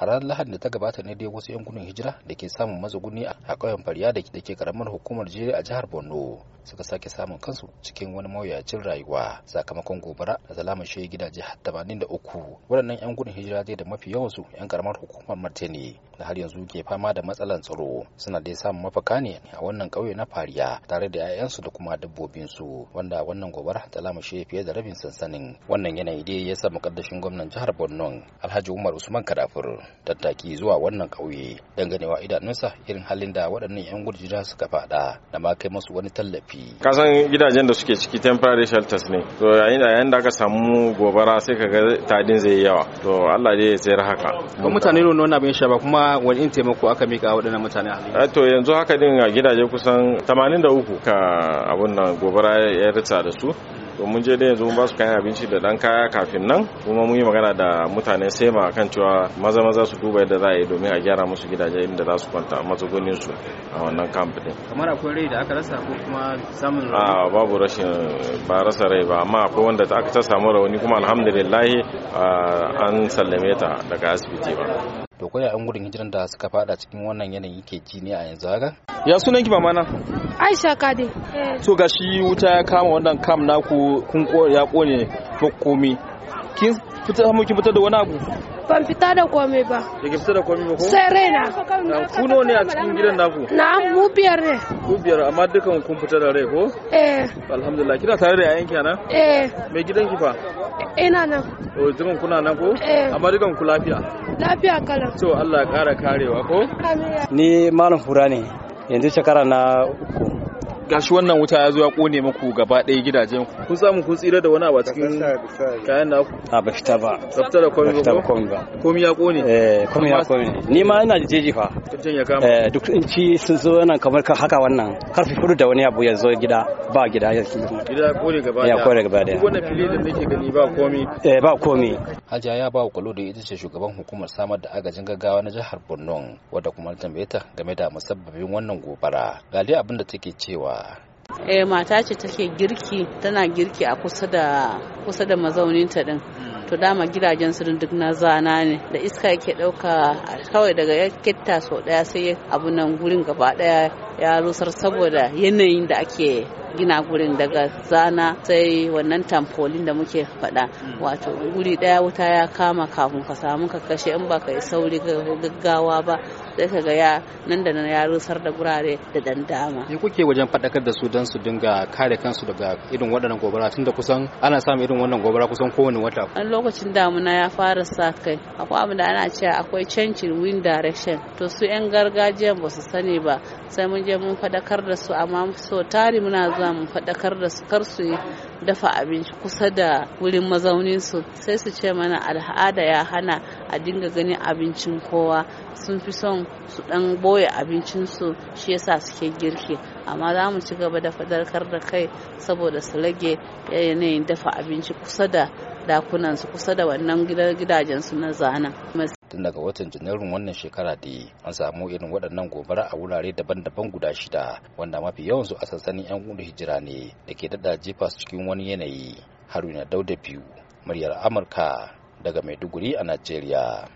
a ranar lahadi da ta gabata ne dai wasu 'yan gudun hijira da ke samun matsugunni a ƙauyen fariya da ke karamar hukumar jere a jihar borno suka sake samun kansu cikin wani mawuyacin rayuwa sakamakon gobara da ta lamashe gidaje da uku waɗannan 'yan gudun hijira dai da mafi yawansu 'yan karamar hukumar martini da har yanzu ke fama da matsalan tsaro suna dai samun mafaka ne a wannan ƙauye na fariya tare da 'ya'yansu da kuma dabbobinsu wanda wannan gobara ta lamashe fiye da rabin sansanin wannan yanayi dai ya sa mukaddashin gwamnan jihar borno alhaji umar usman kadafur tattaki zuwa wannan ƙauye don ganewa idanunsa irin halin da waɗannan 'yan gurjira suka faɗa da ma kai masu wani tallafi. kasan gidajen da suke ciki temporary shelters ne to yayin da aka samu gobara sai ka ga tadin zai yawa to Allah dai ya tsayar haka. ko mutane ne wannan abin sha ba kuma wani in taimako aka mika waɗannan mutane eh, to yanzu haka din a gidaje kusan 83 ka abun nan gobara ya rita da su to mun je dai yanzu mun ba su kayan abinci da dan kaya kafin nan kuma mun yi magana da mutanen ma kan cewa maza maza su duba yadda za a yi domin a gyara musu gidaje inda za su kwanta matsugunin su a wannan camp din kamar akwai rai da aka rasa ko kuma samun a ah, babu rashin ba rasa rai ba amma akwai wanda aka ta samu rauni kuma alhamdulillah ah, an sallame ta daga asibiti ba to ko ya an gudun hijiran da suka fada cikin wannan yanayi ke ji ne a yanzu haka ya sunan ki mamana Aisha Kade to gashi wuta ya kama wannan kam naku kun ya kone komi kin fita da wani abu Ban fita da komai ba. Da fita da komai ba ko? Sai raina. Ku nawa ne a cikin gidan naku? Na'am mu biyar ne. Ku biyar amma dukan kun fita da rai ko? Eh. Alhamdulillah kina tare da yayan kenan? Eh. Mai gidan ki fa? Ina nan. To oh, dukan kuna nan ko? Eh. Amma dukan ku lafiya? Lafiya kala. To Allah ya kara karewa ko? Amin. Ni malam fura ne. Yanzu shekara na uku. gashi wannan wuta ya zo ya kone muku gaba ɗaya gidajen ku kun samu kun tsira da wani abu a cikin kayan ku a ba fita ba ba da komai ba komi ba ya kone eh ya kone ni ma ina jeji fa ya kama eh duk in ci sun zo nan kamar haka wannan karfi fudu da wani abu ya zo gida ba gida ya gida kone gaba ya kone gaba da wannan fili da nake gani ba komi. eh ba komi. hajiya ya ba kulo da ita ce shugaban hukumar samar da agajin gaggawa na jihar Borno wadda kuma tambaye game da musabbabin wannan gobara ga dai abin da take cewa e mata ce take girki tana girki a kusa da kusa da mazauninta din hmm. to dama gidajen su duk na zana ne da iska yake dauka kawai daga ya kitta so daya sai abu nan gurin gaba daya ya rusar saboda yanayin da ake gina gurin daga zana sai wannan tamfolin da muke faɗa hmm. wato guri ɗaya wuta ya kama kafin ka samu ka kashe in ba ka yi sauri gaggawa ba sai ka ga ya nan da nan ya rusar da gurare da dandama. me kuke wajen faɗakar da su don su dinga kare kansu daga irin waɗannan gobara tun da kusan ana samun irin wannan gobara kusan kowane wata an lokacin damuna ya fara sa kai akwai abin da ana cewa akwai changing wind direction to su yan gargajiyan ba su sani ba sai mun je mun faɗakar da su amma so tari muna za mu faɗakar da su kar su dafa abinci kusa da wurin mazaunin su sai su ce mana al'ada ya hana a dinga ganin abincin kowa sun fi son su ɗan boye abincin su shi yasa suke girki amma za mu ci gaba da faɗakar da kai saboda su rage yanayin dafa abinci kusa da dakunan su kusa da wannan gidajen su na zana tun daga watan janairun wannan shekara da an samu irin waɗannan gobara a wurare daban-daban guda shida wanda mafi yawansu a sansanin 'yan gudun hijira ne da ke daɗa jefa su cikin wani yanayi haruna dauda biyu muryar amurka daga maiduguri a najeriya